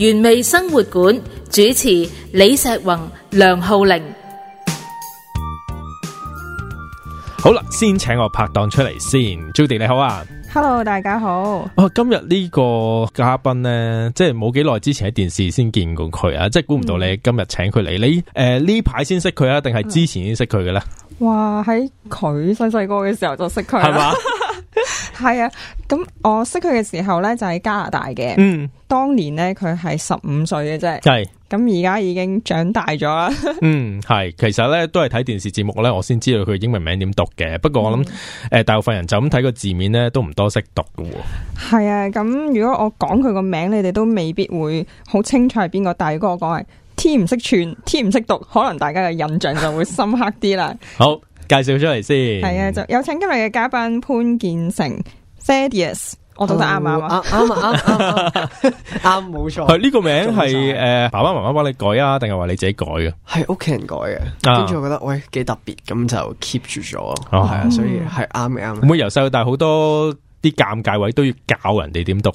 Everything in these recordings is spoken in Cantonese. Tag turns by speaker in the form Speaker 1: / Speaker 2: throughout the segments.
Speaker 1: 原味生活館主持李石宏、梁浩玲，
Speaker 2: 好啦，先請我拍檔出嚟先 Judy 你好啊
Speaker 1: ，Hello，大家好。
Speaker 2: 哦、啊，今日呢個嘉賓咧，即係冇幾耐之前喺電視先見過佢啊，即係估唔到你今日請佢嚟，你誒呢排先識佢啊，定係之前已經識佢嘅咧？
Speaker 1: 哇，喺佢細細個嘅時候就識佢係嘛？吧 係啊，咁我識佢嘅時候咧就喺、是、加拿大嘅，嗯，當年咧佢係十五歲嘅啫，係，咁而家已經長大咗啦，
Speaker 2: 嗯，係，其實咧都係睇電視節目咧，我先知道佢英文名點讀嘅，不過我諗誒、嗯呃，大部分人就咁睇個字面咧都唔多識讀嘅喎，
Speaker 1: 係啊，咁如果我講佢個名，你哋都未必會好清楚係邊個，但係如果我講係天唔識串，天唔識讀，可能大家嘅印象就會深刻啲啦。
Speaker 2: 好，介紹出嚟先，係
Speaker 1: 啊，就有請今日嘅嘉賓潘建丞。Said yes，我做得啱、oh, 啊，啱啊，啱啱啱啱，冇錯。係
Speaker 2: 呢個名係誒爸爸媽媽幫你改啊，定係話你自己改啊？係
Speaker 3: 屋企人改嘅，跟住我覺得喂、哎、幾特別，咁就 keep 住咗。哦，係啊，所以係啱嘅啱。咁
Speaker 2: 由細到大好多啲尷尬位都要教人哋
Speaker 3: 點讀。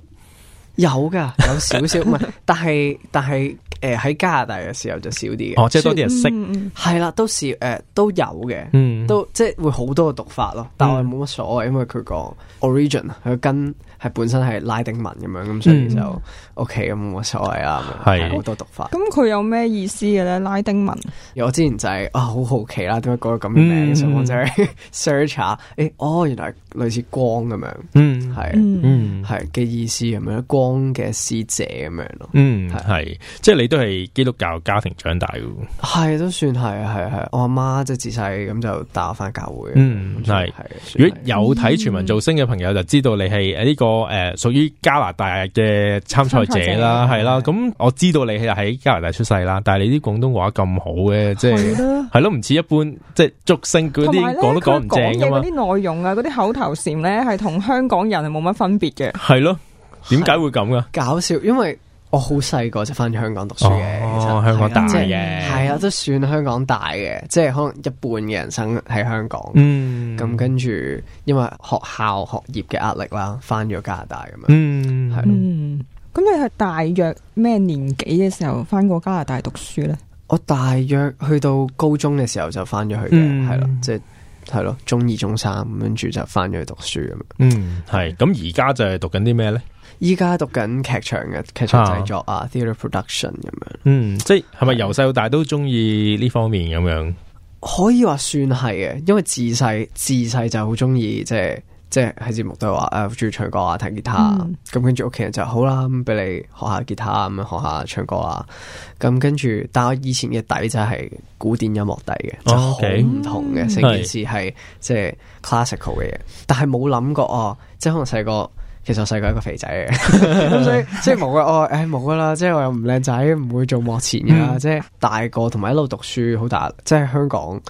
Speaker 3: 有噶，有少少唔係，但係但係誒喺加拿大嘅時候就少啲嘅。哦，即係多啲人識。係啦，都少誒，都有嘅。都即係會好多嘅讀法咯。但係我冇乜所謂，因為佢講 origin 啊，佢根係本身係拉丁文咁樣咁，所以就 O K 咁冇乜所謂啊。係好多讀法。咁
Speaker 1: 佢有咩意思嘅咧？拉丁文。
Speaker 3: 我之前就係啊，好好奇啦，點解一個咁嘅名，所以我就 search 下。誒，哦，原來類似光咁樣。嗯，係係嘅意思咁樣光。嘅師姐咁樣咯，嗯
Speaker 2: 係，即係你都係基督教家庭長大噶，
Speaker 3: 係都算係係係，我阿媽即係自細咁就打返教會，嗯係係。是如果有睇全民造星嘅
Speaker 2: 朋友，就知道你係呢、這個誒屬於加拿大嘅參賽者啦，係啦。咁我知道你係喺加拿大出世啦，但係你啲廣東話咁好嘅，即係係咯，唔似的一般即係造星嗰啲講都講唔正噶嘛。講嘅嗰啲
Speaker 1: 內容啊，嗰啲口頭禪咧，係同香港人係冇乜分別嘅，
Speaker 3: 係咯。點解會咁㗎？搞笑，因為我好細個就翻咗香港讀書嘅。哦，香港大嘅係啊，都算香港大嘅，即係可能一半嘅人生喺香港。
Speaker 4: 嗯，
Speaker 3: 咁跟住因為學校學業嘅壓力啦，翻咗加拿大咁
Speaker 4: 樣。嗯，係。
Speaker 1: 咁你係大約咩年紀嘅時候翻過加拿大讀書咧？我大約
Speaker 3: 去到高中嘅時候就翻咗去嘅，係咯，即係係咯，中二、中三，咁跟住就翻咗去讀書咁樣。嗯，係。咁而家就係讀緊啲咩咧？依家讀緊劇場嘅劇場製作啊，啊，theatre production 咁樣。
Speaker 4: 嗯，
Speaker 2: 即係咪由細到大都中意
Speaker 3: 呢方面咁樣？可以話算係嘅，因為自細自細就好中意，即係即係喺節目都話誒，中、啊、意唱歌啊，彈吉他啊。咁、嗯、跟住屋企人就好啦，俾你學下吉他咁樣，學下唱歌啊。咁跟住，但我以前嘅底就係古典音樂底嘅，就好、是、唔同嘅，成、哦 okay. 嗯、件事係即係、就是、classical 嘅嘢。但係冇諗過啊、哦，即係可能細個。其實我細個係一個肥仔嘅，所以即係冇嘅。我誒冇噶啦即係我又唔靚仔，唔會做幕前嘅。嗯、即係大個同埋一路讀書好大，即係香港。誒、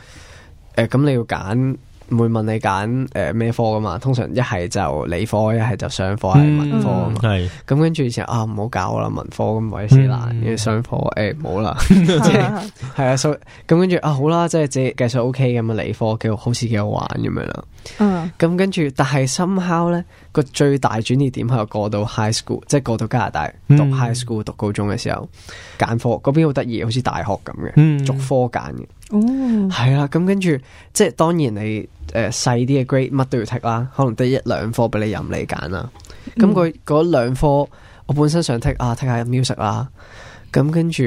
Speaker 3: 呃，咁你要揀，唔會問你揀誒咩科噶嘛通常一係就理科，一係就商科、係、啊、文科。係咁跟住以前啊，唔好搞啦，文科咁為難，跟住商科誒冇啦，即係係啊，所以咁跟住啊好啦，即係即係繼續 OK 咁啊，理科好，好似幾好玩咁樣啦。 嗯，咁跟住，但係 somehow 呢個最大轉折點係過到 high school，即係過到加拿大讀 high school、嗯、讀高中嘅時候，揀科嗰邊好得意，好似大學咁嘅，嗯、逐科揀嘅，哦，係啦，咁跟住，即係當然你誒細啲嘅 grade 乜都要剔啦，可能得一兩科俾你任你揀啦，咁佢嗰兩科我本身想剔啊剔下 music 啦，咁跟住。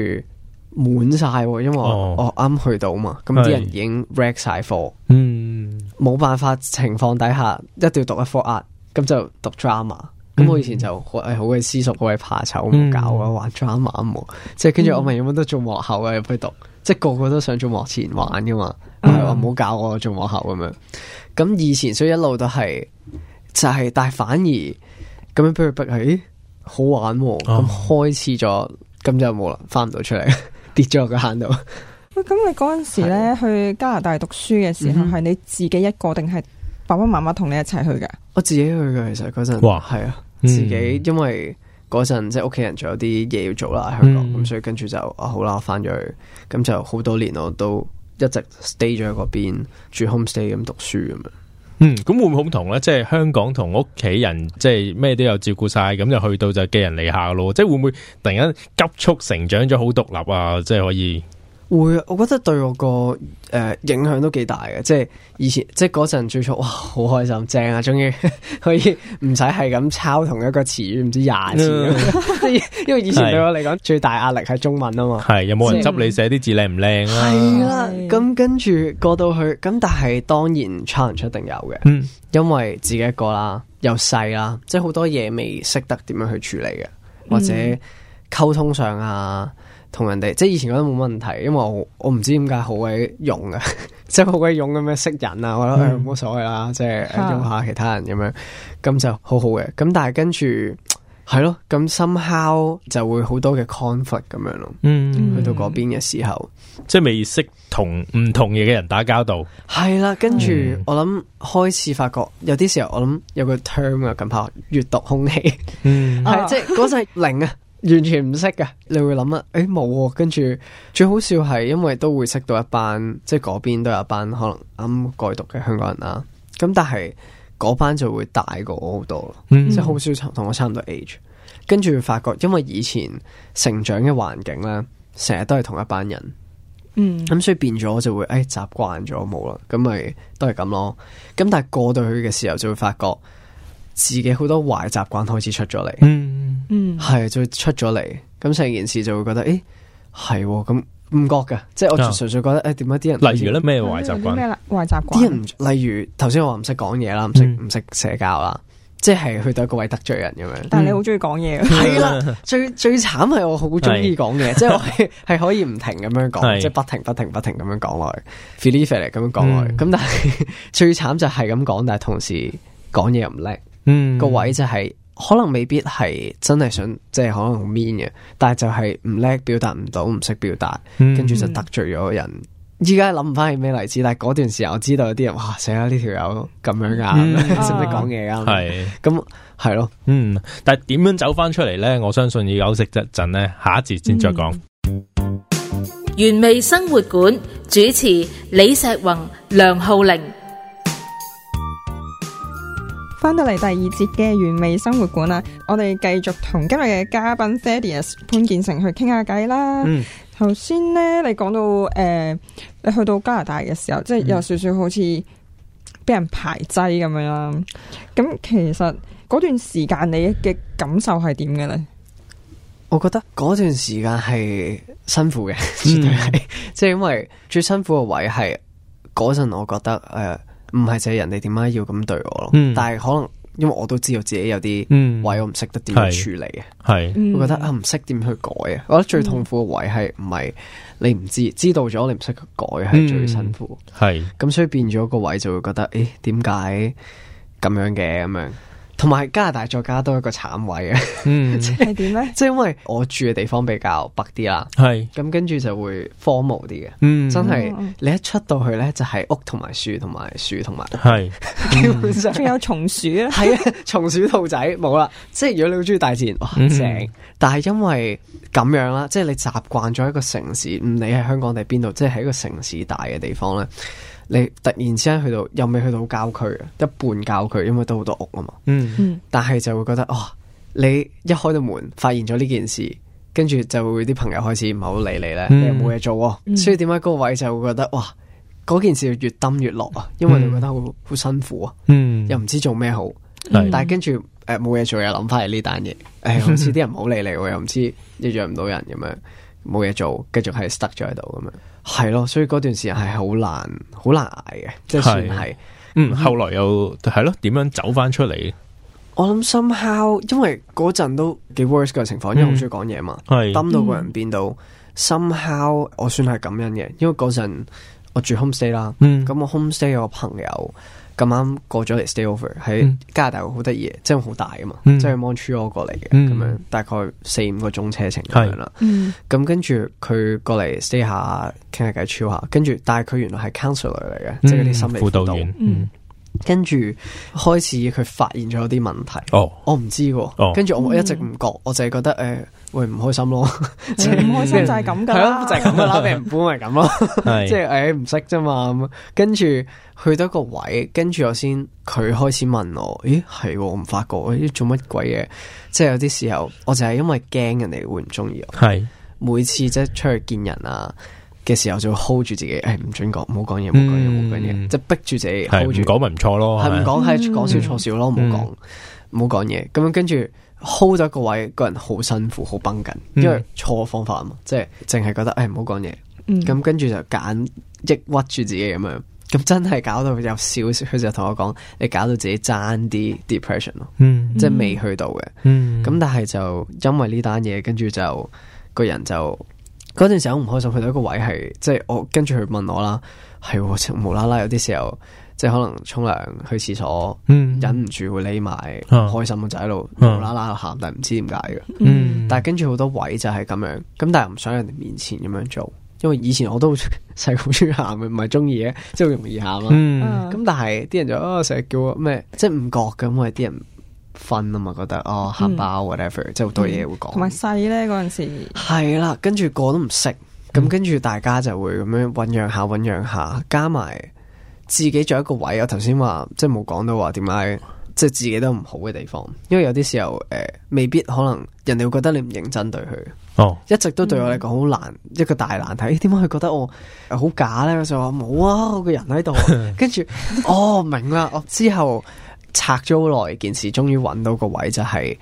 Speaker 3: 滿晒，因為我啱去到嘛，咁啲人已經 rack 晒科，嗯，冇辦法情況底下一定要讀一科啊，咁就讀 drama。咁我以前就誒好鬼思塾，好鬼怕醜，唔搞啊，玩 drama 啊，即係跟住我咪有冇得做幕後啊？入去讀，即係個個都想做幕前玩噶嘛，係話唔好搞我做幕後咁樣。咁以前所以一路都係就係，但係反而咁樣不如不係好玩喎，咁開始咗咁就冇啦，翻唔到出嚟。跌咗個坑度。
Speaker 1: 喂， 咁你嗰陣時咧去加拿大讀書嘅時候，係、嗯、哼你自己一個定係爸爸媽媽同你一齊去嘅？我
Speaker 3: 自己去嘅，其實嗰陣，係啊哇，自己，嗯、因為嗰陣即係屋企人仲有啲嘢要做啦喺香港，咁、嗯、所以跟住就啊好啦，我翻咗去，咁就好多年我都一直 stay 咗喺嗰邊住 homestay 咁讀書咁樣。嗯，咁會
Speaker 2: 唔會好唔同呢？即係香港同屋企人，即係咩都有照顧晒，咁就去到就寄人籬下咯。即係會唔會突然間急速成長咗好獨立啊？即係可以。
Speaker 3: 會啊，我覺得對我個誒、呃、影響都幾大嘅，即係以前即係嗰陣最初哇，好開心，正啊，終於 可以唔使係咁抄同一個詞語，唔知廿次。 因為以前對我嚟講是最大壓力係中文啊嘛，係有冇人執你
Speaker 2: 寫啲字靚唔靚啊？
Speaker 3: 係啦、啊，咁是跟住過到去，咁但係當然 challenge 一定有嘅，因為自己一個啦，又細啦，即係好多嘢未識得點樣去處理嘅，或者溝通上啊。同人哋即係以前覺得冇乜問題，因為我我唔知點解好鬼勇啊，即係好鬼勇咁樣識人啊，覺得冇、哎、所謂啦，即係用下其他人咁樣，咁就好好嘅。咁但係跟住係咯，咁 somehow 就會好多嘅 conflict 咁樣咯、嗯。嗯，去到嗰邊嘅時候，即係未識同唔同嘢嘅人打交道。係啦、嗯嗯，跟住我諗開始發覺有啲時候我諗有個 term 啊，近排閱讀空氣，係即係嗰陣零啊。完全唔識噶你會諗、哎、啊，誒冇，跟住最好笑係，因為都會識到一班，即係嗰邊都有一班可能啱過讀嘅香港人啦。咁但係嗰班就會大過我好多，嗯、即係好少同我差唔多 age。跟住發覺，因為以前成長嘅環境咧，成日都係同一班人，
Speaker 4: 咁、嗯嗯、
Speaker 3: 所以變咗我就會誒、哎、習慣咗冇啦，咁咪都係咁咯。咁但係過到去嘅時候就會發覺。自己好多壞習慣開始出咗嚟，嗯嗯，係就出咗嚟，咁成件事就會覺得，誒係咁唔覺嘅，即係我純粹覺得，誒點解啲人，例如咧咩壞習慣，咩
Speaker 1: 啦壞習慣，啲人
Speaker 3: 例如頭先我話唔識講嘢啦，唔識唔識社交啦，即係去都係一個壞得罪人咁樣。但係你
Speaker 1: 好中意講嘢，係啦，最最慘係我好中意講嘢，即係
Speaker 3: 係可以唔停咁樣講，即係不停不停不停咁樣講耐，feeling f e e l i n 咁樣講耐，咁但係最慘就係咁講，但係同時講嘢又唔叻。嗯，個位就係、是、可能未必係真係想即係可能 mean 嘅，但係就係唔叻表達唔到，唔識表達，跟住、嗯、就得罪咗人。依家諗翻起咩例子？但係嗰段時候我知道有啲人哇，死啦呢條友咁樣、嗯、 啊，
Speaker 1: 識唔識講嘢啊？係
Speaker 3: 咁係咯，嗯。
Speaker 2: 但係點樣走翻出嚟咧？我相信要休息一陣咧，下一節先再講、嗯。
Speaker 1: 原味生活館主持李石宏、梁浩玲。翻到嚟第二節嘅完美生活館啊，我哋繼續同今日嘅嘉賓 Ferdias 潘建丞去傾下偈啦。嗯呢，頭先咧你講到誒、呃，你去到加拿大嘅時候，即係有少少好似俾人排擠咁樣啦。咁其實嗰段時間你嘅感受係點嘅咧？
Speaker 3: 我覺得嗰段時間係辛苦嘅，絕對係。即係、嗯、 因為最辛苦嘅位係嗰陣，我覺得誒。呃唔係就係人哋點解要咁對我咯。嗯、但係可能因為我都知道自己有啲位我唔識得點去處理嘅，
Speaker 2: 係、嗯、會覺得
Speaker 3: 啊唔識點去改啊，改。嗯、我覺得最痛苦嘅位係唔係你唔知，知道咗你唔識去改係最辛苦。係咁、嗯，所以變咗個位就會覺得誒，點解咁樣嘅咁樣？同埋加拿大再加多一個慘位嘅，嗯，係點咧？呢即係因為我住嘅地方比較北啲啦，係咁是跟住就會荒蕪啲嘅，嗯，真係的、嗯、你一出到去咧就係、是、屋同埋樹同埋樹同埋係，基本上仲有松鼠啊，係、嗯、啊， 松鼠兔仔冇啦，即係如果你好中意大自然，哇正！嗯、但係因為咁樣啦，即係你習慣咗一個城市，唔理喺香港地邊度，即係喺一,一個城市大嘅地方咧。你突然之間去到又未去到郊區啊，一半郊區，因為都好多屋啊嘛。嗯，但係就會覺得哇，哦，你一開到門，發現咗呢件事，跟住就會啲朋友開始唔好理你咧。嗯。又冇嘢做，嗯，所以點解嗰個位就會覺得哇，嗰件事越蹲越落啊，因為你覺得好好、嗯、辛苦啊。嗯。又唔知做咩好，嗯，但係跟住誒冇嘢做又諗翻嚟呢單嘢，誒好似啲人唔好理你，又唔知約唔到人咁樣，冇嘢做，繼續係 stuck 咗喺度咁樣。係咯，所以嗰段時間係好難，好難捱嘅，即係算係。嗯，後來又係
Speaker 2: 咯，點、嗯、樣走翻出嚟？
Speaker 3: 我諗 somehow 因為嗰陣都幾 worst 嘅情況，嗯、因為好中意講嘢嘛，係，down 的到個人變到 somehow 我算係噉樣嘅，因為嗰陣我住 home stay 啦、嗯，咁我 home stay 有個朋友。咁啱過咗嚟 stay over 喺加拿大好得意，真係好大㗎嘛，即係、嗯、Montreal 過嚟嘅咁樣，大概四五個鐘車程咁樣啦。咁、嗯、跟住佢過嚟 stay 下傾下偈超下，聊天聊天，跟住但係佢原來係 counselor 嚟嘅，嗯、即係啲心理輔導輔導員。嗯嗯跟住開始，佢發現咗有啲問題。哦、oh. 啊，我唔知。哦，跟住我一直唔覺，mm. 我就係覺得誒，會、呃、唔開心咯。唔、 呃、
Speaker 1: 開心就係咁噶啦，就係咁啦，你唔搬
Speaker 4: 係
Speaker 3: 咁咯。即係誒唔識啫嘛。 哎嗯、跟住去到個位，跟住我先佢開始問我，咦係我唔發覺，做乜鬼嘢？即係有啲時候，我就係因為驚人哋會唔中意我。係是，每次即係出去見人啊。嘅時候就 hold 住自己，誒唔準講，唔好講嘢，唔好講嘢，唔好講嘢，即係逼住自己 hold 住。唔講咪唔錯咯，係唔講係講少錯少咯，唔好講，唔好講嘢。咁跟住 hold 咗個位，個人好辛苦，好繃緊，因為錯方法啊嘛，即係淨係覺得誒唔好講嘢。咁跟住就揀抑鬱住自己咁樣，咁真係搞到有少少。佢就同我講，你搞到自己爭啲 depression 咯，即係未去到嘅，嗯。咁但係就因為呢單嘢，跟住就個人就。嗰陣時候唔開心，去到一個位係，即係我跟住佢問我啦，係，哎，無啦啦有啲時候，即係可能沖涼去廁所，嗯，忍唔住會匿埋，唔開心端端就喺度無啦啦喺度喊，但係唔知點解嘅，嗯，但係跟住好多位就係咁樣，咁但係唔想人哋面前咁樣做，因為以前我都細個中意喊咪唔係中意嘅，即係容易喊啦，咁但係啲人就成日叫我咩，即係唔覺咁，因為啲人。瞓啊嘛，覺得哦，含、oh, 包 whatever，即係好多嘢會講，同
Speaker 1: 埋細咧嗰陣時
Speaker 3: 係啦，跟住 個都唔識，咁跟住大家就會咁樣醞釀下，醞釀下，加埋自己仲有一個位。我頭先話即係冇講到話點解，即係、就是、自己都唔好嘅地方，因為有啲時候誒、呃，未必可能人哋會覺得你唔認真對佢哦，一直都對我嚟講好難、嗯、一個大難題，點解佢覺得我好假咧？我就話冇啊，我個人喺度，跟住哦，明啦，我之後。拆咗好耐件事，終於揾到個位就係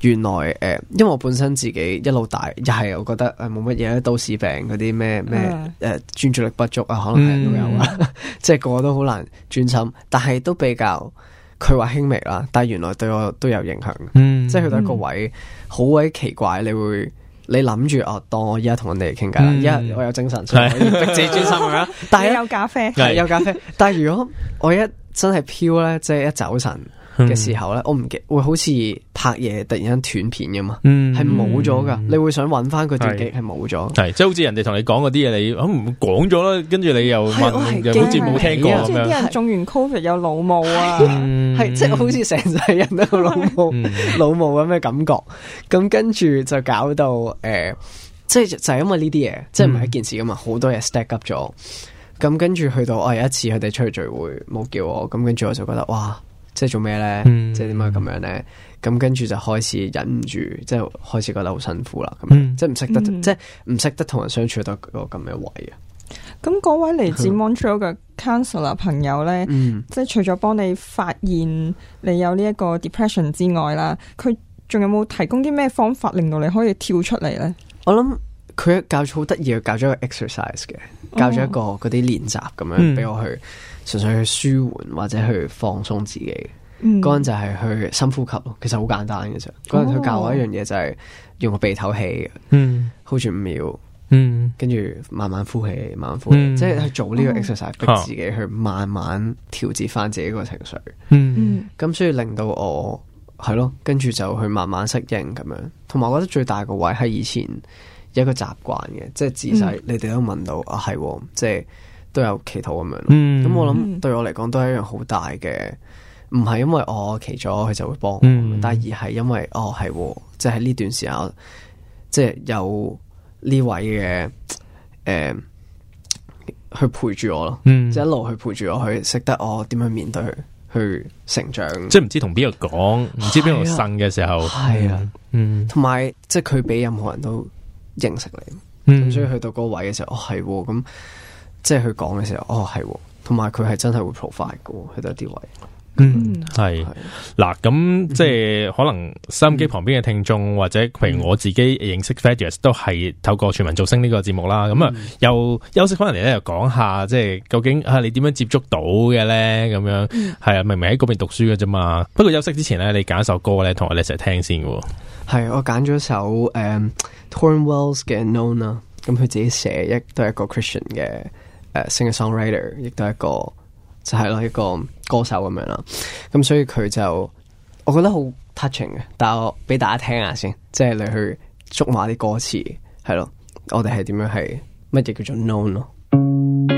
Speaker 3: 原來誒，因為我本身自己一路大，又係我覺得誒冇乜嘢都市病嗰啲咩咩誒專注力不足啊，可能係都有啊，即係個個都好難專心，但係都比較佢話輕微啦，但係原來對我都有影響，嗯，即係去到一個位好鬼奇怪，你會你諗住啊，當我而家同人哋傾偈，而家我有精神，係自專心，
Speaker 1: 但係有咖啡，有咖
Speaker 3: 啡，但係如果我一。真係飄咧，即係一走神嘅時候咧，我唔會好似拍嘢突然間斷片嘅嘛，係冇咗噶，你會想揾翻佢但係係冇咗，係
Speaker 2: 即係好似人哋同你講嗰啲嘢，你咁唔講咗啦，跟住你又問，又好似冇聽過咁樣。啲人
Speaker 1: 中完 COVID 又腦霧啊，
Speaker 3: 係即係好似成世人都腦霧腦霧咁嘅感覺，咁跟住就搞到誒，即係就係因為呢啲嘢，即係唔係一件事噶嘛，好多嘢 stack up 咗。咁跟住去到，我、哎、有一次佢哋出去聚會，冇叫我。咁跟住我就覺得，哇，即係做咩咧？嗯、即係點解咁樣咧？咁跟住就開始忍唔住，即係開始覺得好辛苦啦。咁、嗯、即係唔識得，嗯、即係唔識得同人相處到嗰咁嘅位啊。
Speaker 1: 咁嗰、嗯嗯、位嚟自 Montreal 嘅 counselor 朋友咧，嗯、即係除咗幫你發現你有呢一個 depression 之外啦，佢仲有冇提供啲咩方法令到你可以跳出嚟咧？
Speaker 3: 我諗。佢教咗好得意，教咗一個 exercise 嘅，教咗一個嗰啲練習咁樣，俾我去純粹、mm. 去舒緩或者去放鬆自己。嗰陣、mm. 就係去深呼吸咯，其實好簡單嘅啫。嗰陣佢教我一樣嘢就係用個鼻唞氣，嗯，hold 住五秒，嗯，跟住慢慢呼氣，慢慢呼氣，mm. 即係做呢個 exercise 逼自己去慢慢調節翻自己個情緒。Oh. Oh. 嗯，咁所以令到我係咯，跟住就去慢慢適應咁樣。同埋我覺得最大個位係以前。一個習慣嘅，即係自細，你哋都問到，啊係，即係都有祈禱咁樣。咁我諗對我嚟講都係一樣好大嘅，唔係因為我祈咗佢就會幫，但係而係因為哦係，即係呢段時候，即係有呢位嘅誒去陪住我咯，即係一路去陪住我，去識得我點樣面對佢，去成長。即
Speaker 2: 係唔知同邊個講，唔知邊個信嘅時候，係啊，
Speaker 3: 同埋即係佢比任何人都。認識你，
Speaker 4: 咁所以
Speaker 3: 去到嗰個位嘅時候，哦係，咁即係佢講嘅時候，哦係，同埋佢係真係會 p r o f i l e 嘅，喺得一啲位，
Speaker 4: 嗯，
Speaker 2: 係、嗯，嗱，咁、哦哦、即係、嗯、可能收音機旁邊嘅聽眾或者譬如我自己認識 f e d r a s 都係透過全民造星呢、這個節目啦，咁、嗯、啊，嗯、又休息翻嚟咧又講下，即係究竟啊你點樣接觸到嘅咧，咁樣係啊， 明明喺嗰邊讀書嘅啫嘛，不過休息之前咧，你揀一首歌咧，同我哋一齊聽先嘅，
Speaker 3: 係，我揀咗首誒。嗯嗯 Tauren Wells 嘅 Known 啦，咁佢、well、自己寫亦都係一個 Christian 嘅 s i 誒，singer、uh, 嘅 songwriter，亦都係一個就係、是、咯一個歌手咁樣啦。咁所以佢就我覺得好 touching 嘅，但係我俾大家聽下先，即係你去捉碼啲歌詞，係咯，我哋係點樣係乜嘢叫做 Known 咯。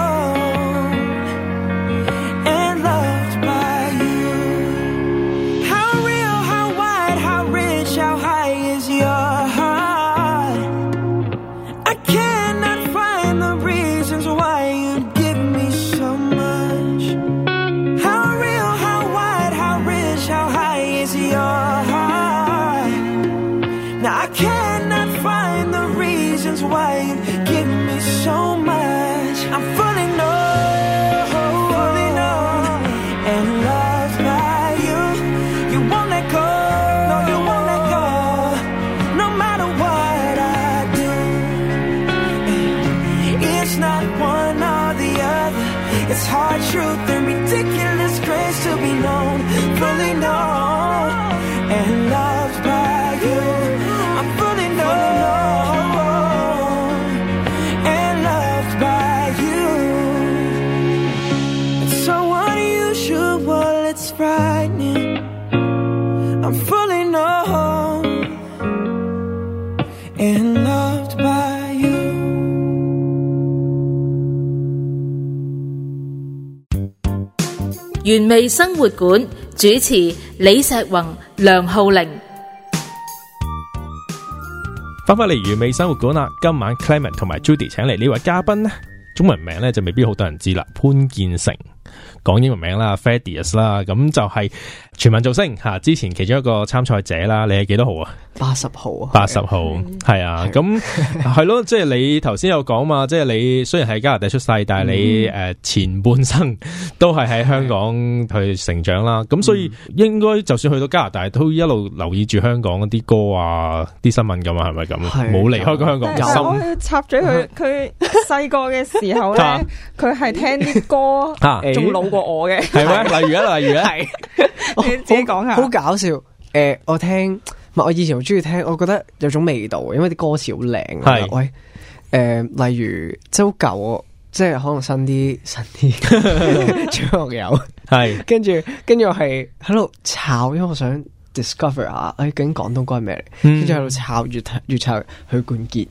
Speaker 1: 原味生活館主持李石宏、梁浩玲，
Speaker 2: 翻返嚟原味生活館啦。今晚 Clement 同埋 Judy 請嚟呢位嘉賓咧，中文名咧就未必好多人知啦，潘建丞。講英文名啦，Ferdias 啦，咁就係全民造星吓，之前其中一個參賽者啦，你係幾多號啊？
Speaker 3: 八十號啊？
Speaker 2: 八十號係啊，咁係咯，即係你頭先有講嘛，即係你雖然喺加拿大出世，但係你誒前半生都係喺香港去成長啦，咁所以應該就算去到加拿大都一路留意住香港啲歌啊、啲新聞咁啊，係咪咁？冇離開過香港心。
Speaker 1: 插咗佢，佢細個嘅時候咧，佢係聽啲歌。冇諗過我嘅嗎，係咩？例
Speaker 3: 如啊，例如啊，係 自己講下， 好搞笑。誒、呃，我聽，唔係我以前好中意聽，我覺得有種味道，因為啲歌詞好靚。係是，喂，誒，例如真係好舊，即係可能新啲，新啲。張學友係，跟住跟住我係喺度炒，因為我想 discover 下，哎，究竟廣東歌係咩嚟？跟住喺度炒越越炒，許冠傑。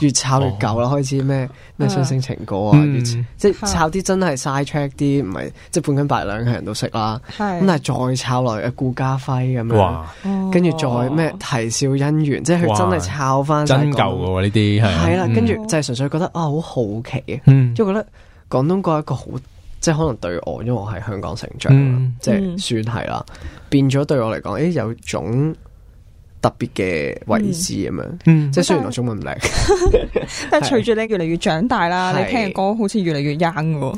Speaker 3: 越炒越舊啦，開始咩咩雙星情歌啊，越即係炒啲真係 side track 啲，唔係即係半斤八兩嘅人都識啦。咁但係再炒落去顧嘉輝咁樣，跟住再咩啼笑姻緣，即係佢真係抄翻真舊嘅
Speaker 2: 呢啲係。係啦，跟住就
Speaker 3: 係純粹覺得啊，好好奇，即係覺得廣東歌一個好，即係可能對我，因為我喺香港成長，即係算係啦，變咗對我嚟講，誒有種。特別嘅位置咁樣，嗯、即係雖然我中文唔叻，
Speaker 1: 但係隨住你越嚟越長大啦，是你聽嘅歌好似越嚟越 young 嘅，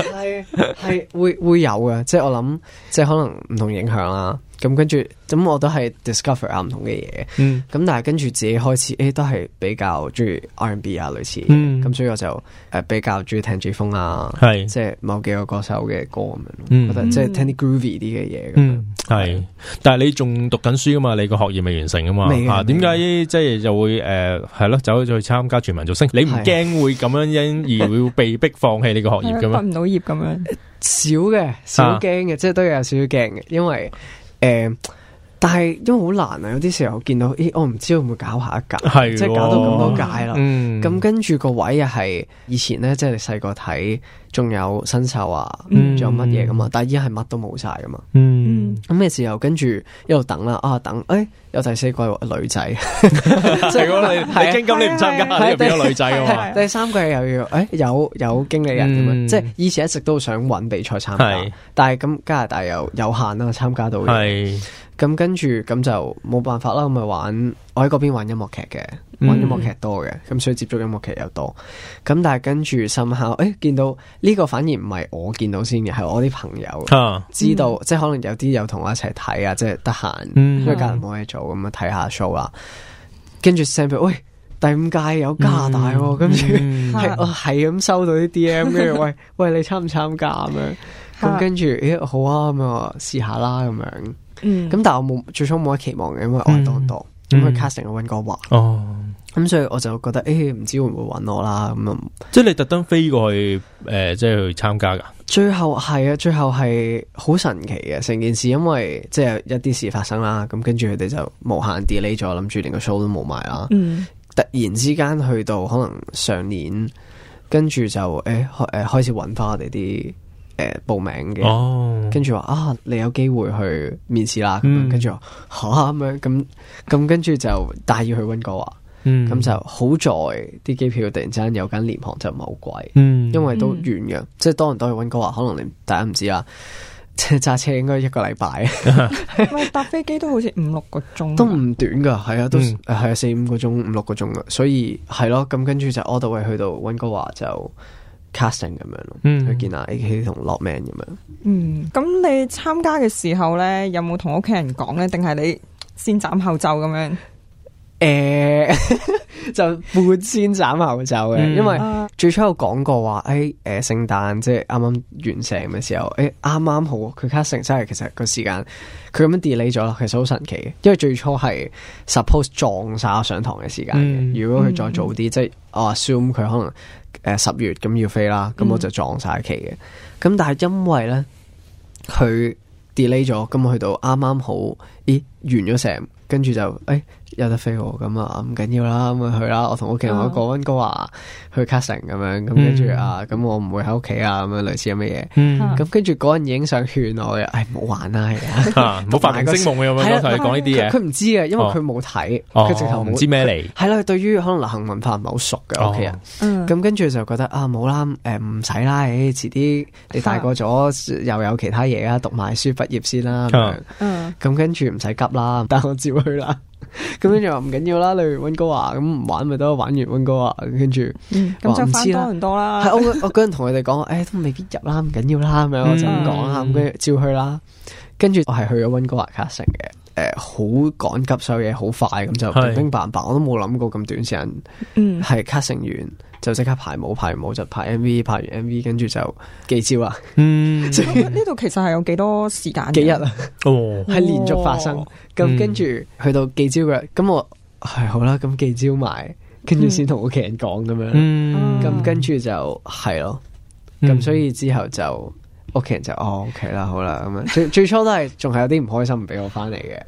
Speaker 3: 係係會會有嘅，即係我諗，即係可能唔同影響啦。咁跟住，咁我都係 discover 啊唔同嘅嘢。咁但係跟住自己開始，誒都係比較中意 R&B 啊類似。咁所以我就誒比較中意聽 J 風啊，係即係某幾個歌手嘅歌咁樣，覺得即係聽啲 groovy 啲嘅嘢。係，但係你仲讀緊書啊嘛，你個學業
Speaker 2: 未完成啊嘛。點解即係就會誒係咯，走去參加全民造星？你唔驚會咁樣因而會被逼放棄你個學業嘅咩？唔
Speaker 1: 到業咁樣？少嘅，
Speaker 3: 少驚嘅，即係都有少少驚嘅，因為。誒，uh, 但係因為好難啊，有啲時候我見到，咦、欸，我唔知我會唔會搞下一屆，哦、即係搞到咁多屆啦。咁、嗯、跟住個位又係以前呢，即係你細個睇。仲有新秀啊，仲有乜嘢噶嘛？但係依家係乜都冇晒噶嘛。嗯，咁嘅時候跟住一路等啦。啊，等，誒、欸，有第四季女仔，係 喎你，你基金經理唔參加，嗯嗯、你唔俾女仔嘅嘛？嗯嗯、第三季又要，誒、欸，有有，有經理人咁樣，嗯、即係以前一直都想揾比賽參加，嗯、但係咁加拿大又有，有，有限啦，參加到。係咁、嗯、是跟住咁就冇辦法啦。咁咪玩，我喺嗰邊玩音樂劇嘅。玩音樂劇多嘅，咁所以接觸音樂劇又多，咁但係跟住深刻，哎，見到呢、呢個反而唔係我見到先嘅，係我啲朋友、uh huh。知道，即係可能有啲有同我一齊睇啊，即係得閒，因為隔日冇嘢做咁啊，睇下 show 啊。跟住 send 喂，第五屆有加拿大喎，跟住係咁收到啲 DM 嘅，喂喂，你參唔參加咁樣？咁跟住咦好啊，咁啊試下啦咁樣。咁但係我冇，最初冇乜期望嘅，因為愛當當。咁佢 casting 去溫哥華哦，咁、嗯嗯嗯、所以我就覺得誒，唔、欸、知會唔會搵我啦，咁、
Speaker 2: 嗯、樣。即係你特登飛過去誒、呃，即係去參加㗎。
Speaker 3: 最後係啊，最後係好神奇嘅，成件事因為即係一啲事發生啦，咁、嗯嗯、跟住佢哋就無限 delay 咗，諗住連個 show 都冇埋啦。突然之間去到可能上年，跟住就誒，誒、欸開、呃、開始搵返我哋啲。誒，報名嘅，跟住話啊，你有機會去面試啦，咁樣跟住話吓咁樣，咁咁、啊、跟住就帶要去溫哥華，咁、嗯、就好在啲機票突然之間有間廉航就唔係好貴，嗯、因為都遠嘅，嗯、即係多人多去溫哥華，可能你大家唔知啦，即係揸車應該一個禮拜，
Speaker 1: 搭、 啊、飛機都好似五
Speaker 3: 六個鐘、啊，都唔短噶，係啊、嗯，都係啊，四五個鐘，五六個鐘啦，所以係咯，咁跟住就 order 去到溫哥華就。casting 咁樣咯，嗯、去見下 AK 同 Lokman、ok、咁樣。嗯，
Speaker 1: 咁你參加嘅時候咧，有冇同屋企人講咧？定係你先斬後奏咁樣？
Speaker 3: 誒、欸， 就半先斬後奏嘅，、嗯哎哎，因為最初有講過話，誒、嗯，誒，聖誕即係啱啱完成嘅時候，誒，啱啱好佢 casting 真係其實個時間，佢咁樣 delay 咗啦，其實好神奇嘅，因為最初係 suppose 撞晒上堂嘅時間，如果佢再早啲，即係、嗯、我 assume 佢可能。誒，十、uh, 月咁要飛啦，咁、嗯、我就撞曬期嘅。咁但係因為咧，佢 delay 咗，咁我去到啱啱好，咦，完咗成，跟住就誒。欸有得飛我咁啊，唔緊要啦，咁去啦。我同屋企人講，温哥華去卡城咁樣，咁跟住啊，咁我唔會喺屋企啊，咁樣類似咁嘅嘢。嗯，咁跟住嗰陣已經想勸我嘅，唉，冇玩啦，係啊，冇發明星夢嘅有冇？同你講呢啲嘢，佢唔知啊，因為佢冇睇，佢直頭唔知咩嚟。係啦，對於可能流行文化唔係好熟嘅屋企人，嗯，咁跟住就覺得啊，冇啦，誒，唔使啦，誒，遲啲你大個咗又有其他嘢啊，讀埋書畢業先啦，嗯，咁跟住唔使急啦，但我照去啦。咁樣就話唔緊要啦，例如溫哥華咁唔玩咪得，玩完溫哥華，跟住
Speaker 1: 咁就唔知多唔多啦。係我我
Speaker 3: 嗰陣同佢哋講，誒都未必入啦，唔緊要啦，咁樣我就咁講啦，咁跟住照去啦。跟住我係去咗溫哥華卡城嘅，誒好趕急，所有嘢好快咁就平平白白，我都冇諗過咁短時間，是嗯係卡城完。就即刻排舞，排完舞就拍 M V，拍完 M V 跟住就記招啊。
Speaker 1: 嗯，呢度其實係有幾多時間？幾日啊？哦，
Speaker 3: 係連續發生咁，跟住去到記招嘅咁，我係好啦，咁記招埋，跟住先同屋企人講咁樣，咁跟住就係咯，咁所以之後就屋企人就哦 O K 啦，好啦咁樣，最最初都係仲係有啲唔開心，唔俾我翻嚟嘅，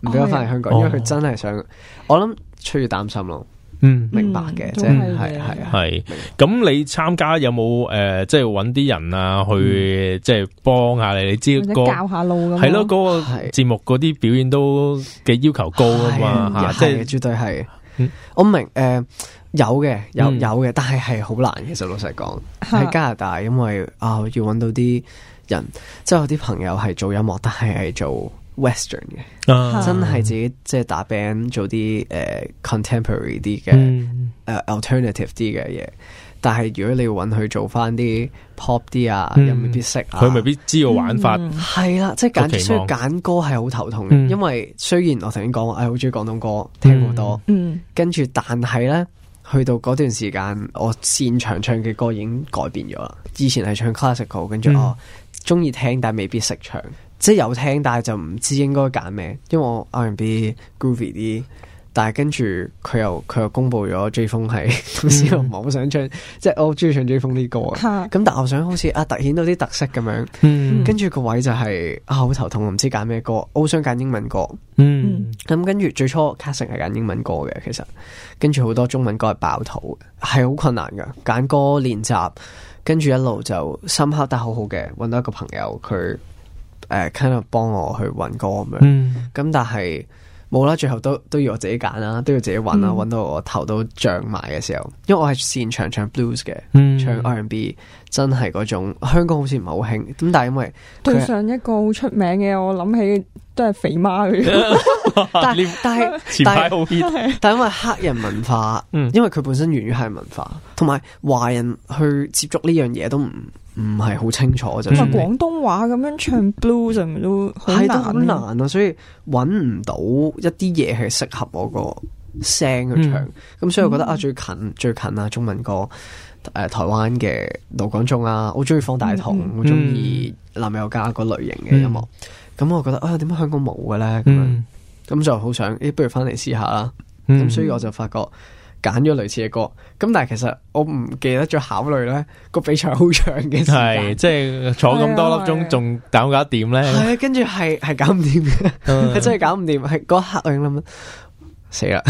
Speaker 3: 唔俾我翻嚟香港，因為佢真係想，我諗出於擔心咯。
Speaker 4: 嗯，明白嘅，即係係係啊，係。
Speaker 2: 咁你參加有冇誒，即係搵啲人啊，去即係幫下你？你知個，教下
Speaker 3: 路，係咯，嗰
Speaker 2: 個節目嗰啲表演都嘅要求高啊
Speaker 4: 嘛，即係絕
Speaker 3: 對係。我明誒，有嘅有有嘅，但係係好難。其實老實講，喺加拿大，因為啊，要搵到啲人，即係有啲朋友係做音樂，但係係做。Western 嘅，啊、真係自己即係、就是、打 band 做啲誒、uh, contemporary 啲嘅誒 alternative 啲嘅嘢。嗯、但係如果你要揾佢做翻啲 pop 啲啊，嗯、又未必識、啊？佢未必知道玩法。係啦、嗯啊，即係揀，所以揀歌係好頭痛嘅。嗯、因為雖然我頭先講話，好中意廣東歌，聽好多。跟住、嗯嗯、但係呢，去到嗰段時間，我擅長唱嘅歌已經改變咗啦。以前係唱 classical，跟住我中意聽，但未必識唱。即係有聽，但係就唔知應該揀咩，因為我 R&B groovy 啲，但係跟住佢又佢又公布咗 J Fong 係，所以唔係好想唱，即係我好中意唱 J Fong 啲歌啊，咁但我想好似啊突顯到啲特色咁樣，嗯、跟住個位就係、是、啊好頭痛，唔知揀咩歌，我好想揀英文歌，嗯，咁、嗯、跟住最初 Cassie 係揀英文歌嘅，其實跟住好多中文歌係爆肚，係好困難噶揀歌練習，跟住一路就深刻得好好嘅，搵到一個朋友佢。誒，Kind of 幫我去搵歌咁樣，咁、嗯、但係冇啦，無無最後都都要我自己揀啦，都要自己搵啦，搵、嗯、到我頭都脹埋嘅時候，因為我係擅長唱 blues 嘅，嗯、唱 R&B 真係嗰種香港好似唔係好興，咁但係因為對上
Speaker 1: 一個好出名嘅，我諗起都係肥媽
Speaker 3: 但 但但係 前排因為黑人文化， 因為佢本身源於係文化，同埋華人去接觸呢樣嘢都唔。唔係好清楚，嗯、就因為廣
Speaker 1: 東話咁樣唱 blue，就唔都好難、啊，好難
Speaker 3: 咯、啊，所以搵唔到一啲嘢係適合我個聲去唱，咁、嗯嗯、所以我覺得啊最近最近啊中文歌誒、呃、台灣嘅盧廣仲啊，好中意方大同，好中意林宥嘉嗰類型嘅音樂，咁、嗯嗯、我覺得啊點解香港冇嘅咧？咁、嗯、樣咁就好想誒、欸，不如翻嚟試下啦。
Speaker 4: 咁、嗯嗯嗯、所以
Speaker 3: 我就發覺。揀咗類似嘅歌，咁但係其實我唔記得咗考慮咧個比賽好長嘅時間，即
Speaker 2: 係坐咁多粒鐘，仲搞搞掂咧？係啊，
Speaker 3: 跟住係係搞唔掂嘅， 真係搞唔掂。係嗰刻我影諗死啦，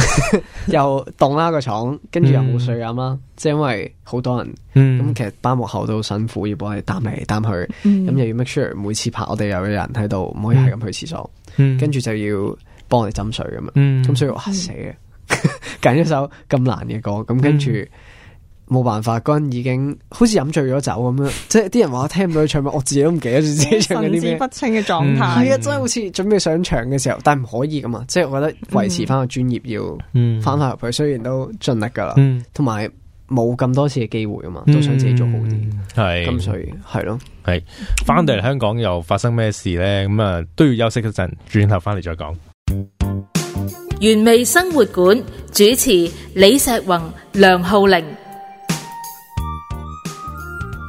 Speaker 3: 又凍啦個廠，跟住又冇水飲啦。即係、嗯、因為好多人咁，嗯、其實班幕後都辛苦，要幫我哋擔嚟擔去，咁又、嗯、要 make sure 每次拍我哋又有人喺度，唔可以係咁去廁所，嗯、跟住就要幫我哋斟水咁、嗯嗯、啊。咁所以我死啊！揀一首咁難嘅歌，咁跟住冇辦法，嗰人已經好似飲醉咗酒咁樣，即係啲人話聽唔到佢唱乜，我自己都唔記得自己唱緊啲咩，神志不
Speaker 1: 清嘅狀態，啊，真係好
Speaker 3: 似準備上場嘅時候，但係唔可以㗎嘛。即係我覺得維持翻個專業要翻翻入去，雖然都盡力噶啦，同埋冇咁多次嘅機會啊嘛，都想自己做
Speaker 2: 好啲，係咁，所以係咯，係翻到嚟香港又發生咩事咧？咁啊都要休息一陣，轉頭翻嚟再講。
Speaker 1: 原味生活館主持李石宏、梁浩玲，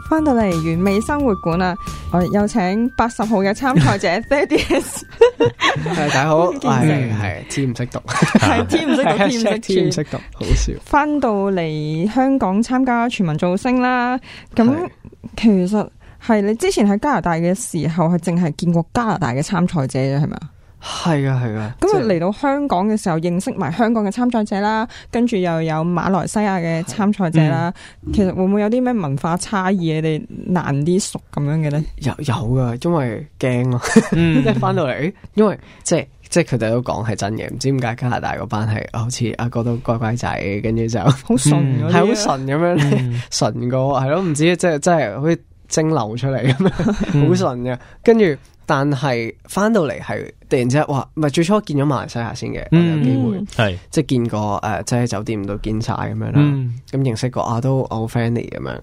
Speaker 1: 翻到嚟原味生活館啊，我哋有請八十號嘅參賽者，大家好，
Speaker 3: 係係知唔識讀，係知唔識讀，知唔識讀，好笑！
Speaker 1: 翻到嚟香港參加全民造星啦，咁其實係你之前喺加拿大嘅時候係淨係見過加拿大嘅參賽者啫，係咪啊？
Speaker 3: 係啊，係啊。咁
Speaker 1: 啊，嚟到香港嘅時候，認識埋香港嘅參賽者啦，跟住即是 又有馬來西亞嘅參賽者啦。是的 其實會唔會有啲咩文化差異，你哋難啲熟咁樣嘅咧？
Speaker 3: 有有噶，因為驚咯、啊 即係翻到嚟。因為即係即係，佢哋都講係真嘅，唔知點解加拿大嗰班係好似阿、啊、哥都乖乖仔，跟住就好 純、啊，係好純咁樣，純過係咯，唔 知即係即係好似。即 蒸流出嚟咁樣，好順嘅。跟住、嗯，但係翻到嚟係突然之間，哇！唔係最初見咗馬來西亞先嘅，嗯、有機會係、嗯、即係見過誒、呃，即係喺酒店度見晒咁樣啦。咁、嗯嗯、認識過啊都好 friendly 咁樣。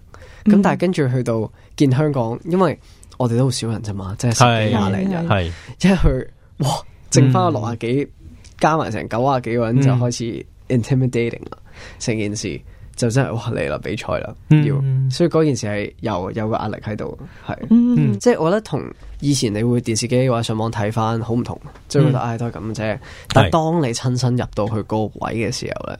Speaker 3: 咁但係跟住去到見到香港，因為我哋都好少人咋嘛，即係十幾廿零人。係、嗯、一去哇，剩翻個六啊幾加埋成九啊幾個人就開始 intimidating 啦，成件事。就真係哇嚟啦！比賽啦，要所以嗰件事係有有個壓力喺度，係，即係我覺得同以前你會電視機話上網睇翻好唔同，即係覺得唉都係咁啫。但係當你親身入到去個位嘅時候咧，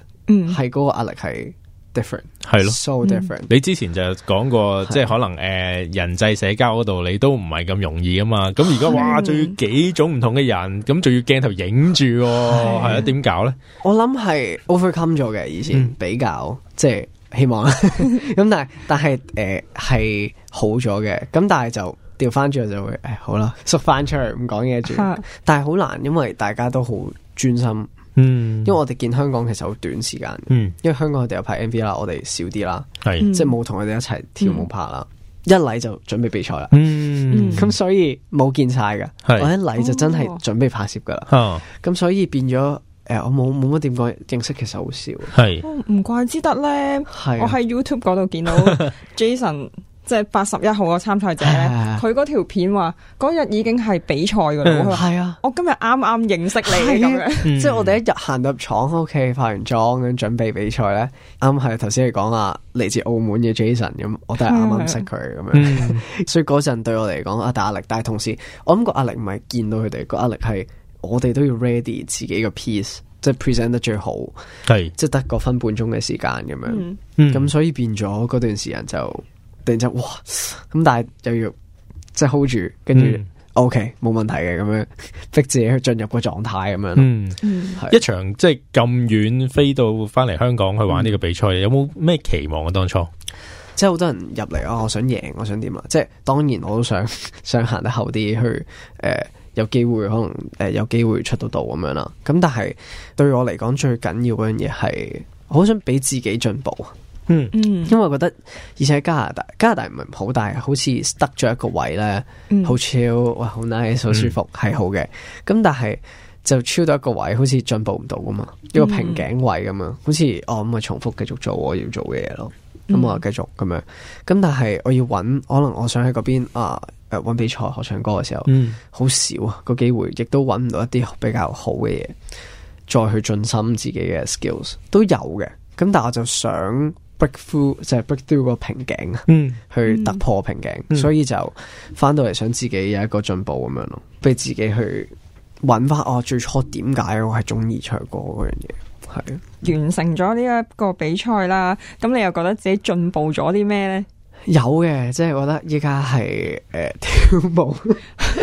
Speaker 3: 係嗰個壓力係 different，係咯，so different。
Speaker 2: 你之前就講過，即係可能誒人際社交嗰度你都唔係咁容易啊嘛。咁而家哇，追幾種唔同嘅人，咁仲要鏡頭影住，係啊，點搞
Speaker 3: 咧？我諗係 overcome 咗嘅，以前比較。即係希望， 咁但係、呃、但係誒係好咗嘅，咁但係就調翻轉就會誒好啦，食飯出嚟唔講嘢住，但係好難，因為大家都好專心，嗯，因為我哋見香港其實好短時間，嗯，因為香港佢哋有拍 MV 啦，我哋少啲啦，係，即係冇同佢哋一齊跳舞拍啦，嗯、一禮就準備比賽啦，嗯，咁所以冇見晒噶，我一禮就真係準備拍攝噶啦，哦，咁所以變咗。誒、呃，我冇冇乜點講認識，其實好少。係
Speaker 1: 唔是、哦、怪之得咧，啊、我喺 YouTube 嗰度見到 Jason，即係八十一號個參賽者咧，佢嗰條片話嗰日已經係比賽噶啦。係啊，說啊我今日啱啱認識你咁樣，啊嗯、 即係我哋一日
Speaker 3: 行到入廠屋企，化完妝咁準備比賽咧，啱啱係頭先你講啊，嚟自澳門嘅 Jason 咁，我都係啱啱識佢咁樣，嗯、 所以嗰陣對我嚟講啊，大壓力。但係同時，我諗個壓力唔係見到佢哋個壓力係。我哋都要 ready 自己個 piece，即係 present 得最好，係是即係得個分半鐘嘅時間咁樣，咁、嗯、所以變咗嗰段時間就突然之間哇，咁但係又要即係 hold 住，跟住 OK 冇問題嘅咁樣，逼自己去進入個狀態咁樣。嗯，是嗯一場
Speaker 2: 即係咁遠飛到翻嚟香港去玩呢個比賽，嗯、有冇咩期望啊？當初即
Speaker 3: 係好多人入嚟、哦，我想贏，我想點啊？即係當然我都想想行得後啲去誒。呃有機會可能誒、呃、有機會出到道咁樣啦，咁但係對我嚟講最緊要嗰樣嘢係，我好想俾自己進步。嗯，因為我覺得而且加拿大加拿大唔係唔好，但好似得咗一個位咧，好 chill、嗯、哇，好 nice，好舒服，係、嗯、好嘅。咁但係就 chill 到一個位，好似進步唔到噶嘛，一個瓶頸位咁樣，好似我咁咪重複繼續做我要做嘅嘢咯。咁、嗯、我繼續咁樣，咁但係我要揾，可能我想喺嗰邊啊。揾、啊、比賽學唱歌嘅時候，嗯，好少啊、個機會，亦都揾唔到一啲比較好嘅嘢，再去進深自己嘅 skills 都有嘅。咁但係我就想 break through，就係 break through 個瓶頸，嗯，去突破瓶頸，嗯、所以就翻到嚟想自己有一個進步咁樣咯，不如自己去揾翻我最初點解我係中意唱歌嗰樣嘢，
Speaker 1: 係完成咗呢一個比賽啦。咁你又覺得自己進步咗啲咩呢？
Speaker 3: 有嘅，即係我覺得依家係誒跳舞、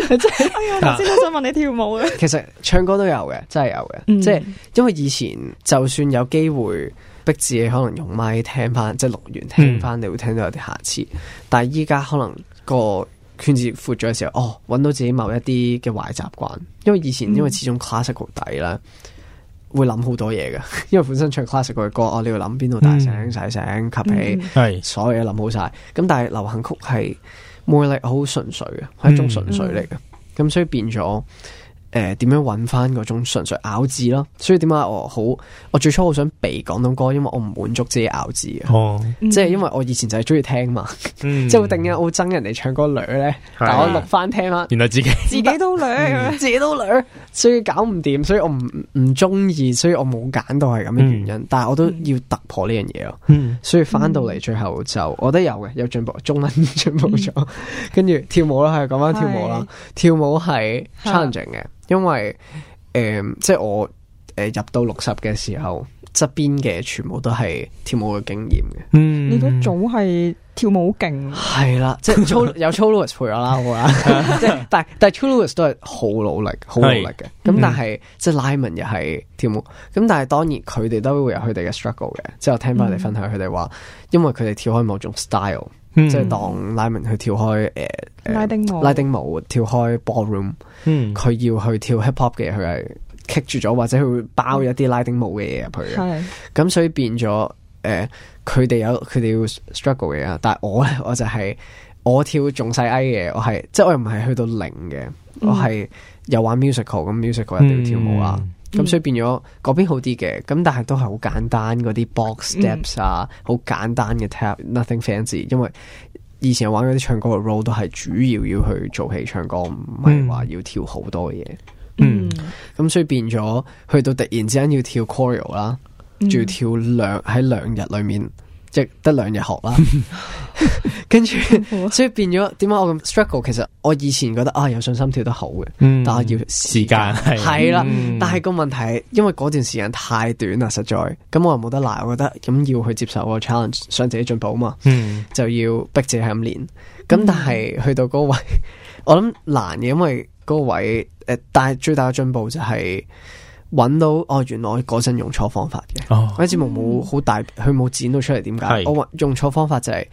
Speaker 3: 哎，即係哎呀頭先都想
Speaker 1: 問你跳舞嘅。 其
Speaker 3: 實唱歌都有嘅，真係有嘅，嗯、即係因為以前就算有機會逼自己可能用麥聽翻，即係錄完聽翻，你會聽到有啲瑕疵。嗯、但係依家可能個圈子闊咗嘅時候，哦，揾到自己某一啲嘅壞習慣，因為以前、嗯、因為始終 classical 底啦。會諗好多嘢嘅，因為本身唱 classic 嘅歌，我、啊、你要諗邊度大聲細聲吸起，係、mm hmm. 所有嘢諗好晒。咁但係流行曲係魅力好純粹嘅，係、mm hmm. 一種純粹嚟嘅。咁所以變咗。誒，點樣搵翻嗰種純粹咬字咯？所以點解我好，我最初好想避廣東歌，因為我唔滿足自己咬字嘅，即係因為我以前就係中意聽嘛，即係我定日好憎人哋唱歌女呢。但我錄翻聽啦，原來自己自己都女，自己都女，所以搞唔掂，所以我唔唔中意，所以我冇揀到係咁嘅原因，但係我都要突破呢樣嘢咯。所以翻到嚟最後就，我都有嘅，有進步，中文進步咗，跟住跳舞啦，係講翻跳舞啦，跳舞係 challenging 嘅。因為誒、呃，即係我誒、呃、入到六十嘅時候，側邊嘅全部都係跳舞嘅經驗嘅。嗯，
Speaker 1: 你都總係跳舞勁。係
Speaker 3: 啦了， 即係粗有粗 Louis 陪我啦，我話， 即係但係但係粗 Louis 都係好努力，好努力嘅。咁是但係、嗯、即係拉文又係跳舞，咁但係當然佢哋都會有佢哋嘅 struggle 嘅。之後我聽翻佢哋分享，佢哋話因為佢哋跳開某種 style。嗯、即係當拉丁去跳開誒、uh, uh, 拉丁舞，跳開 ballroom，佢、嗯、要去跳 hip hop 嘅，佢係 keep 住咗，或者佢會包一啲拉丁舞嘅嘢入去嘅。咁、嗯、所以變咗，誒、uh,，佢哋有佢哋要 struggle 嘅，但係我咧，我就係、是、我跳仲細 I 嘅，我係即係我又唔係去到零嘅，我係又玩 musical 咁 musical 一、嗯、定要跳舞啦。嗯咁、嗯、所以變咗嗰邊好啲嘅，咁但係都係好簡單嗰啲 box steps 啊，好、嗯、簡單嘅 tap, nothing fancy。因為以前玩嗰啲唱歌嘅 role 都係主要要去做戲唱歌，唔係話要跳好多嘢。嗯，咁、嗯嗯、所以變咗去到突然之間要跳 choral 啦，仲要跳兩喺、嗯、兩日裡面。即得兩日學啦，跟住所以變咗點解我咁 struggle？其實我以前覺得啊有信心跳得好嘅，嗯、但係要時間係啦。但係個問題，因為嗰段時間太短啦，實在咁我又冇得難，我覺得咁要去接受個 challenge，想自己進步啊嘛，嗯、就要逼自己係咁練。咁但係、嗯、去到嗰位，我諗難嘅，因為嗰個位誒、呃，但係最大嘅進步就係、是。揾到哦，原來嗰陣用錯方法嘅，節目冇好大，佢冇剪到出嚟，點解？我用錯方法就係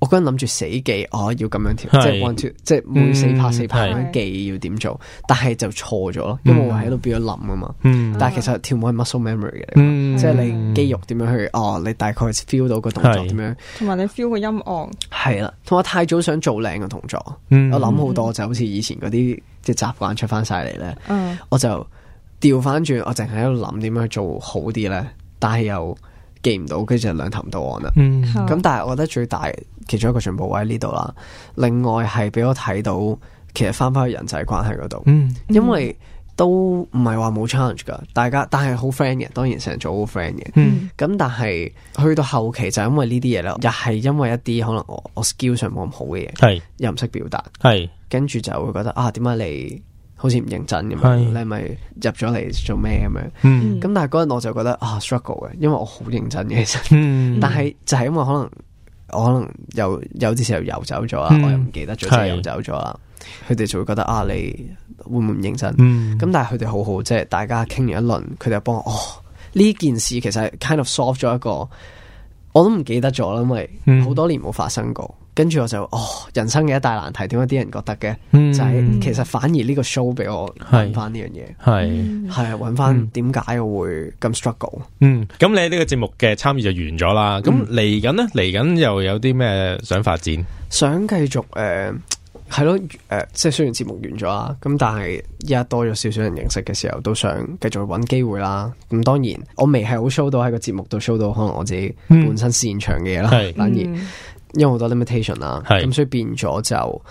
Speaker 3: 我嗰陣諗住死記，哦，要咁樣跳，即係 one 即係每四拍四拍記要點做，但係就錯咗咯，因為我喺度變咗諗啊嘛，但係其實跳舞係 muscle memory 嘅，即係你肌肉點樣去哦，你大概 feel 到個動作點樣，
Speaker 1: 同埋你 feel 個音樂，
Speaker 3: 係啦，同我太早想做靚嘅動作，我諗好多就好似以前嗰啲即係習慣出翻晒嚟咧，我就。調翻轉，我淨係喺度諗點樣做好啲呢。但係又記唔到，跟住就兩頭唔到岸啦。咁、嗯、但係我覺得最大其中一個進步喺呢度啦。另外係俾我睇到，其實翻翻去人際關係嗰度，嗯、因為都唔係話冇 challenge 噶，大家但係好 friend 嘅，當然成日做好 friend 嘅。咁、嗯、但係去到後期就因為呢啲嘢啦，又係因為一啲可能我我 skill 上冇咁好嘅嘢，係是又唔識表達，係跟住就會覺得啊，點解你？好似唔認真咁樣，是你係咪入咗嚟做咩咁樣？咁、嗯、但係嗰日我就覺得啊，struggle 嘅，因為我好認真嘅，其實嗯、但係就係因為可能我可能有有啲時候游走咗啦，嗯、我又唔記得咗，即係遊走咗啦，佢哋是就會覺得啊，你會唔會唔認真？咁、嗯、但係佢哋好好，即係大家傾完一輪，佢哋又幫我哦，呢件事其實係 kind of solve 咗一個，我都唔記得咗啦，因為好多年冇發生過。嗯嗯跟住我就哦，人生嘅一大難題，點解啲人覺得嘅？嗯、就係其實反而呢個 show 俾是我揾翻呢樣嘢，係係啊，揾翻點解我會咁 struggle？嗯，
Speaker 2: 咁你呢個節目嘅參與就完咗啦。咁嚟緊呢，嚟緊又有啲咩想發展？
Speaker 3: 想繼續誒，係咯誒，即係雖然節目完咗啦，咁但係依家多咗少少人認識嘅時候，都想繼續揾機會啦。咁、嗯、當然，我未係好 show 到喺個節目度 show 到可能我自己本身擅長嘅嘢啦，嗯、反而、嗯。因為好多 limitation 啦是，咁所以變咗就誒、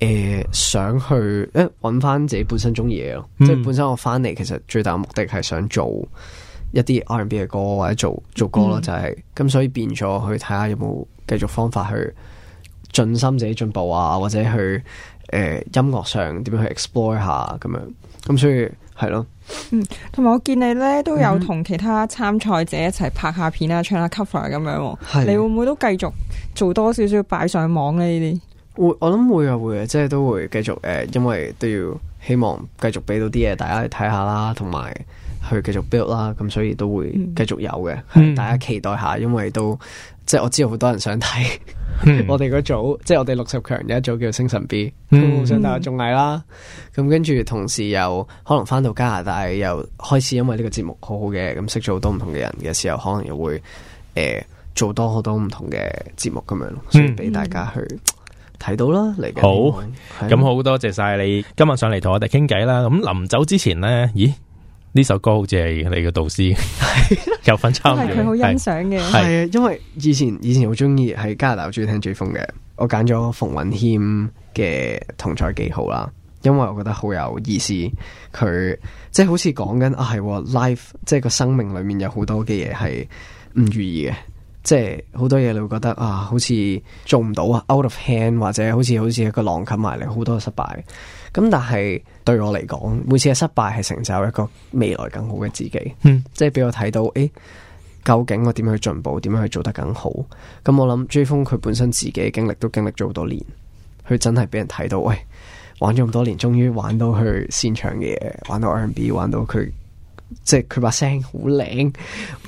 Speaker 3: 呃、想去誒搵翻自己本身中意嘢咯，嗯、即係本身我翻嚟其實最大嘅目的係想做一啲 R&B 嘅歌或者做做歌咯，嗯、就係、是、咁所以變咗去睇下有冇繼續方法去。盡心自己進步啊，或者去誒、呃、音樂上點樣去 explore 下咁樣，咁所以係咯。嗯，
Speaker 1: 同埋、嗯、我見你咧都有同其他參賽者一齊拍下片啊，唱下 cover 咁樣。你會唔會都繼續做多少少擺上網呢啲？
Speaker 3: 會，我諗會啊，會啊，即係都會繼續誒、呃，因為都要希望繼續俾到啲嘢大家去睇下啦，同埋去繼續 build 啦，咁所以都會繼續有嘅、嗯，係大家期待下，因為都。即係我知道好多人想睇，嗯， 我哋個組，即係我哋六十強有一組叫做，嗯《星辰 B，好想帶個綜藝啦，咁跟住同時又可能返到加拿大又開始，因為呢個節目好好嘅，咁識咗好多唔同嘅人嘅時候，可能又會誒、呃、做多好多唔同嘅節目咁樣，嗯，俾大家去睇到啦嚟緊。嗯、好，咁是好多謝晒你
Speaker 2: 今日上嚟同我哋傾偈啦。咁臨走之前呢。咦？呢首歌好似係你嘅導師，
Speaker 3: 有份參與，佢好 欣賞嘅。係因為以前以前好中意喺加拿大，我中意聽 J 風嘅，我揀咗馮允謙嘅《同在幾好》啦，因為我覺得好有意思，佢即係好似講緊啊，係 life，即係個生命裏面有好多嘅嘢係唔如意嘅。即係好多嘢，你會覺得啊，好似做唔到啊，out of hand，或者好似好似一個浪冚埋嚟，好多嘅失敗。咁但係對我嚟講，每次嘅失敗係成就一個未來更好嘅自己。嗯、即係俾我睇到誒、欸，究竟我點樣去進步，點樣去做得更好？咁、嗯、我諗 Jay Fung 佢本身自己嘅經歷都經歷咗好多年，佢真係俾人睇到，喂，玩咗咁多年，終於玩到去現場嘅嘢，玩到 R&B，玩到佢即係佢把聲好靚，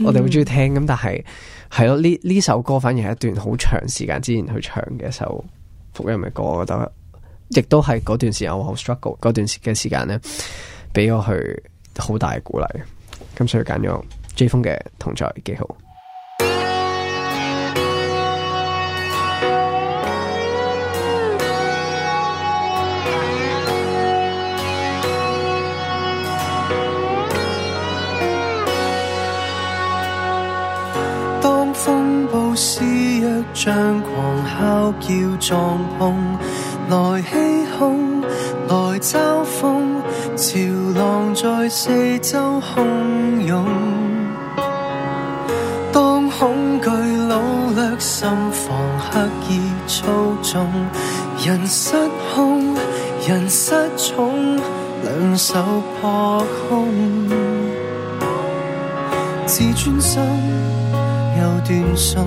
Speaker 3: 我哋好中意聽。咁、嗯、但係。係咯，呢呢首歌反而係一段好長時間之前去唱嘅一首福音嘅歌，我覺得亦都係段時間我好 struggle 嗰段時嘅時間咧，俾我去好大嘅鼓勵，咁所以揀咗 J 風嘅同在幾好。
Speaker 4: 張狂吼叫撞碰，來欺哄，來嘲諷，潮浪在四周洶湧。當恐懼擄掠心房，刻意操縱，人失控，人失寵，兩手破空，自尊心又斷送。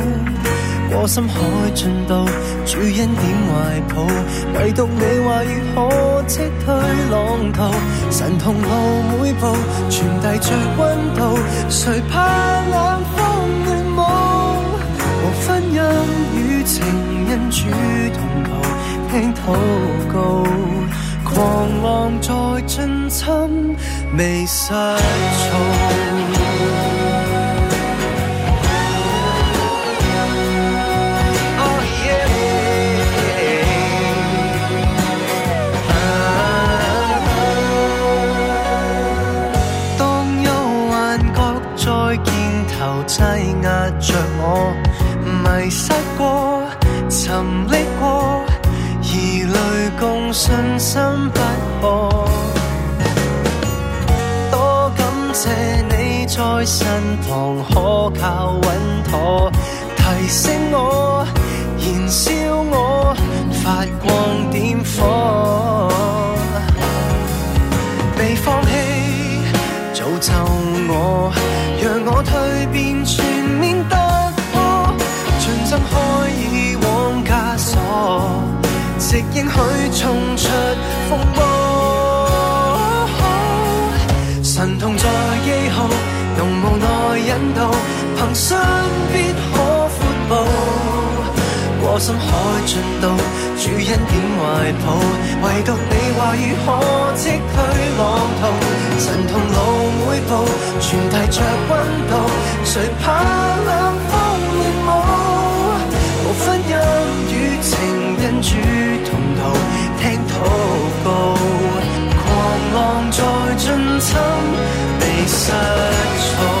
Speaker 4: 我心海盡到主恩典懷抱，唯獨你話要可撤退浪濤，神同路每步傳遞着溫度，誰怕冷風亂舞？無分因與情人主同途，聽禱告，狂浪在進侵未失措。愁 t i 壓着我，迷失過，沉溺過，疑慮共信心不可多，感謝你在身旁可靠穩妥，提醒我，燃燒我，發光點火。便全面突破，盡掙開以往枷鎖，直應去衝出風暴。神同在記號，濃霧內引導，憑信必可闊步。我心海盡到主恩典懷抱，唯獨你話語可即蓋浪濤。神同路每步傳遞着温度，誰怕冷風亂舞？無分陰雨情人主同途聽禱告，狂浪在盡侵未失措。